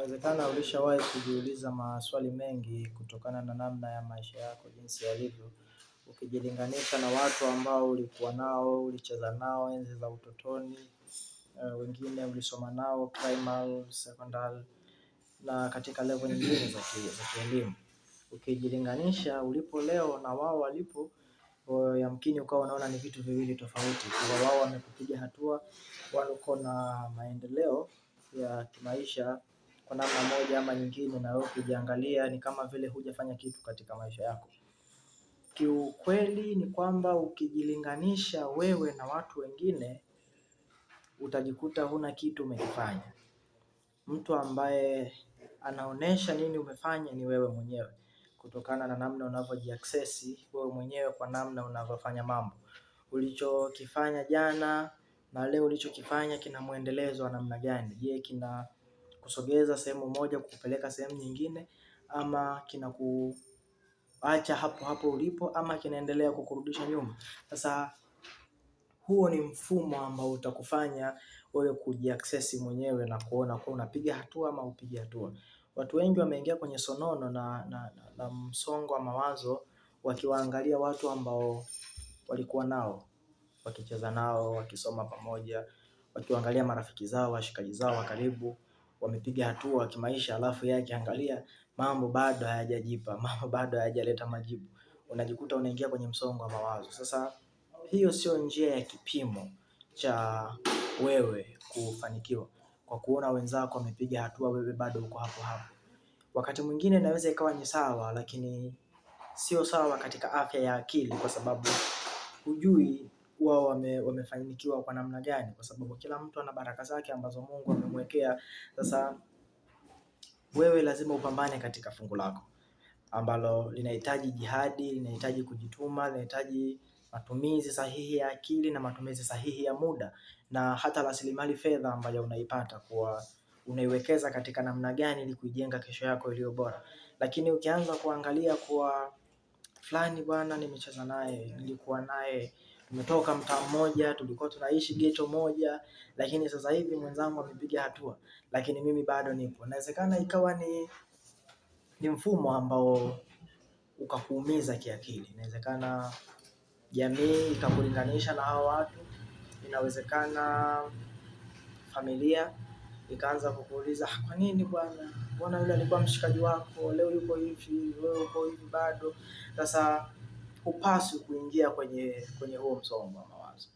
Inawezekana ulishawahi kujiuliza maswali mengi kutokana na namna ya maisha yako jinsi yalivyo, ukijilinganisha na watu ambao ulikuwa nao, ulicheza nao enzi za utotoni, eh, wengine ulisoma nao primary, secondary na katika level nyingine za kielimu. Ukijilinganisha ulipo leo na wao walipo, yamkini ukawa unaona ni vitu viwili tofauti, Kwa wao wamekupiga hatua, wako na maendeleo ya kimaisha kwa namna moja ama nyingine, na wewe ukijiangalia ni kama vile hujafanya kitu katika maisha yako. Kiukweli ni kwamba ukijilinganisha wewe na watu wengine utajikuta huna kitu umekifanya. Mtu ambaye anaonesha nini umefanya ni wewe mwenyewe, kutokana na namna unavyojiaccess wewe mwenyewe, kwa namna unavyofanya mambo. Ulichokifanya jana na leo ulichokifanya kina mwendelezo wa namna gani? Je, kina kusogeza sehemu moja kukupeleka sehemu nyingine, ama kinakuacha hapo hapo ulipo, ama kinaendelea kukurudisha nyuma. Sasa huo ni mfumo ambao utakufanya wewe kujiaccess mwenyewe na kuona kuwa unapiga hatua ama upige hatua. Watu wengi wameingia kwenye sonono na, na, na msongo wa mawazo wakiwaangalia watu ambao walikuwa nao wakicheza nao, wakisoma pamoja, wakiwaangalia marafiki zao, washikaji zao wa karibu wamepiga hatua kimaisha, alafu yeye akiangalia mambo bado hayajajipa, mambo bado hayajaleta majibu, unajikuta unaingia kwenye msongo wa mawazo. Sasa hiyo sio njia ya kipimo cha wewe kufanikiwa, kwa kuona wenzako wamepiga hatua, wewe bado uko hapo hapo. Wakati mwingine inaweza ikawa ni sawa, lakini sio sawa katika afya ya akili, kwa sababu hujui kuwa wame, wamefanikiwa kwa namna gani, kwa sababu kila mtu ana baraka zake ambazo Mungu amemwekea. Sasa wewe lazima upambane katika fungu lako ambalo linahitaji jihadi, linahitaji kujituma, linahitaji matumizi sahihi ya akili na matumizi sahihi ya muda na hata rasilimali fedha ambayo unaipata kuwa unaiwekeza katika namna gani ili kuijenga kesho yako iliyo bora. Lakini ukianza kuangalia kuwa fulani bwana, nimecheza naye, nilikuwa naye Tumetoka mtaa mmoja, tulikuwa tunaishi geto moja, lakini sasa hivi mwenzangu amepiga hatua, lakini mimi bado nipo. Inawezekana ikawa ni ni mfumo ambao ukakuumiza kiakili. Inawezekana jamii ikakulinganisha na hao watu, inawezekana familia ikaanza kukuuliza ah, kwa nini bwana, bwana yule alikuwa mshikaji wako, leo yuko hivi, wewe uko hivi bado. Sasa hupaswi kuingia kwenye kwenye huo msongo wa mawazo,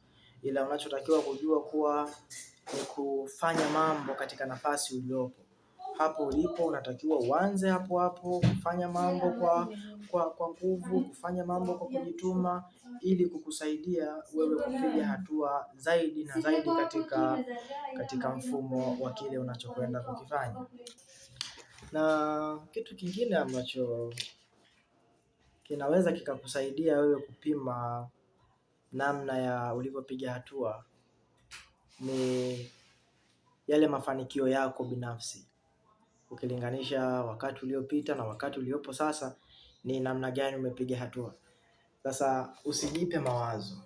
ila unachotakiwa kujua kuwa ni kufanya mambo katika nafasi uliopo hapo ulipo unatakiwa uanze hapo hapo kufanya mambo kwa kwa kwa nguvu, kufanya mambo kwa kujituma, ili kukusaidia wewe kupiga hatua zaidi na zaidi katika katika mfumo wa kile unachokwenda kukifanya. Na kitu kingine ambacho kinaweza kikakusaidia wewe kupima namna ya ulivyopiga hatua, ni yale mafanikio yako binafsi ukilinganisha wakati uliopita na wakati uliopo sasa, ni namna gani umepiga hatua. Sasa usijipe mawazo,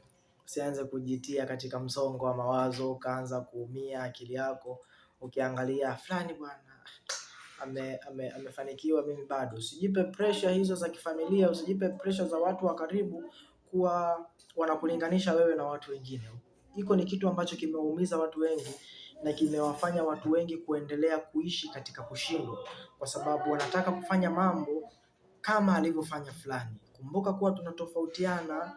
usianze kujitia katika msongo wa mawazo ukaanza kuumia akili yako ukiangalia ah, fulani bwana ame, ame, amefanikiwa, mimi bado. Usijipe pressure hizo za kifamilia, usijipe pressure za watu wa karibu kuwa wanakulinganisha wewe na watu wengine. Hiko ni kitu ambacho kimewaumiza watu wengi na kimewafanya watu wengi kuendelea kuishi katika kushindwa, kwa sababu wanataka kufanya mambo kama alivyofanya fulani. Kumbuka kuwa tunatofautiana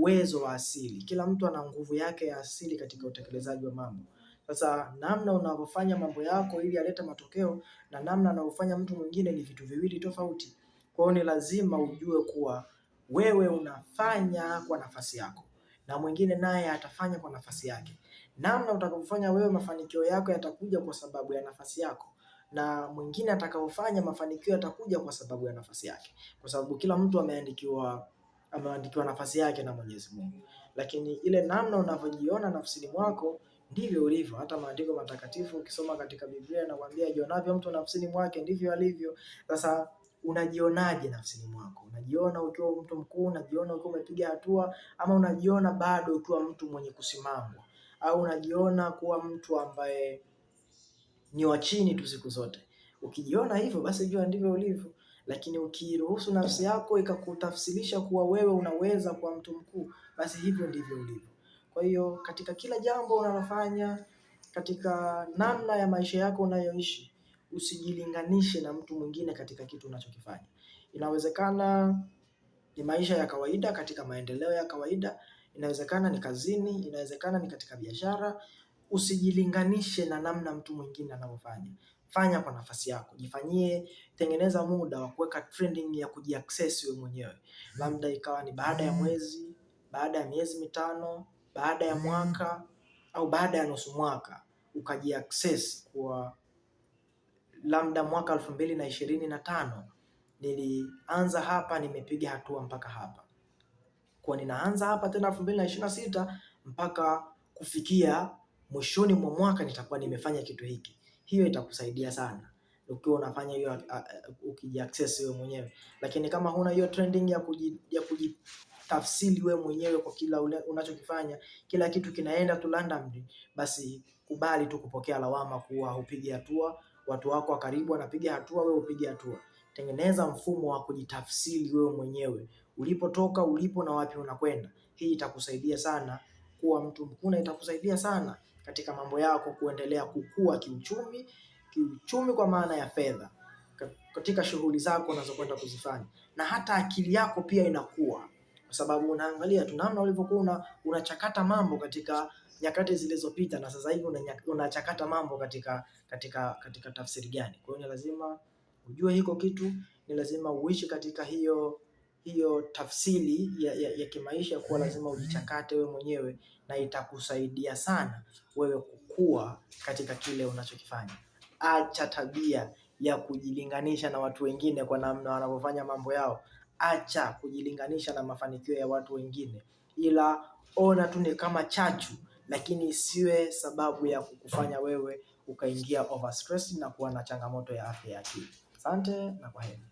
uwezo wa asili. Kila mtu ana nguvu yake ya asili katika utekelezaji wa mambo. Sasa namna unavyofanya mambo yako ili yaleta matokeo na namna unavyofanya mtu mwingine ni vitu viwili tofauti. Kwa hiyo ni lazima ujue kuwa wewe unafanya kwa nafasi yako na mwingine naye atafanya kwa nafasi yake. Namna utakavyofanya wewe, mafanikio yako yatakuja kwa sababu ya nafasi yako, na mwingine atakaofanya mafanikio yatakuja kwa sababu ya nafasi yake, kwa sababu kila mtu ameandikiwa ameandikiwa nafasi yake na Mwenyezi Mungu. Lakini ile namna unavyojiona nafsini mwako ndivyo ulivyo. Hata maandiko matakatifu ukisoma katika Biblia inakwambia jionavyo mtu nafsini mwake ndivyo alivyo. Sasa unajionaje nafsini mwako? Unajiona ukiwa mtu mkuu? Unajiona ukiwa umepiga hatua, ama unajiona bado ukiwa mtu mwenye kusimamwa, au unajiona kuwa mtu ambaye ni wa chini tu siku zote? Ukijiona hivyo, basi jua ndivyo ulivyo. Lakini ukiruhusu nafsi yako ikakutafsirisha kuwa wewe unaweza kuwa mtu mkuu, basi hivyo ndivyo ulivyo. Kwa hiyo katika kila jambo unalofanya, katika namna ya maisha yako unayoishi, usijilinganishe na mtu mwingine katika kitu unachokifanya. Inawezekana ni maisha ya kawaida, katika maendeleo ya kawaida, inawezekana ni kazini, inawezekana ni katika biashara. Usijilinganishe na namna mtu mwingine anavyofanya. Fanya kwa nafasi yako, jifanyie, tengeneza muda wa kuweka trending ya kujiaccess wewe mwenyewe. Labda ikawa ni baada ya mwezi, baada ya miezi mitano baada ya mwaka au baada ya nusu mwaka access kwa labda mwaka elfu mbili na ishirini na tano nilianza hapa, nimepiga hatua mpaka hapa, kwa ninaanza hapa tena elfu mbili na ishirini na sita mpaka kufikia mwishoni mwa mwaka nitakuwa nimefanya kitu hiki. Hiyo itakusaidia sana ukiwa unafanya hiyo uh, uh, ukijiaccess wewe mwenyewe, lakini kama huna hiyo trending ya kuji, ya kujitafsiri wewe mwenyewe kwa kila unachokifanya, kila kitu kinaenda tu randomly, basi kubali tu kupokea lawama kuwa hupigi hatua, watu wako wa karibu wanapiga hatua, wewe upige hatua. Tengeneza mfumo wa kujitafsiri wewe mwenyewe, ulipotoka, ulipo na wapi unakwenda. Hii itakusaidia sana kuwa mtu mkuna, itakusaidia sana katika mambo yako kuendelea kukua kiuchumi kiuchumi, kwa maana ya fedha katika shughuli zako unazokwenda kuzifanya, na hata akili yako pia inakuwa, kwa sababu unaangalia tu namna ulivyokuwa una, unachakata mambo katika nyakati zilizopita na sasa hivi unachakata mambo katika katika katika tafsiri gani. Kwa hiyo ni lazima ujue hiko kitu, ni lazima uishi katika hiyo hiyo tafsiri ya, ya, ya kimaisha, kuwa lazima ujichakate wewe mwenyewe, na itakusaidia sana wewe kukua katika kile unachokifanya acha tabia ya kujilinganisha na watu wengine kwa namna wanavyofanya mambo yao. Acha kujilinganisha na mafanikio ya watu wengine, ila ona tu ni kama chachu, lakini isiwe sababu ya kukufanya wewe ukaingia overstress na kuwa na changamoto ya afya ya akili. Asante na kwaheri.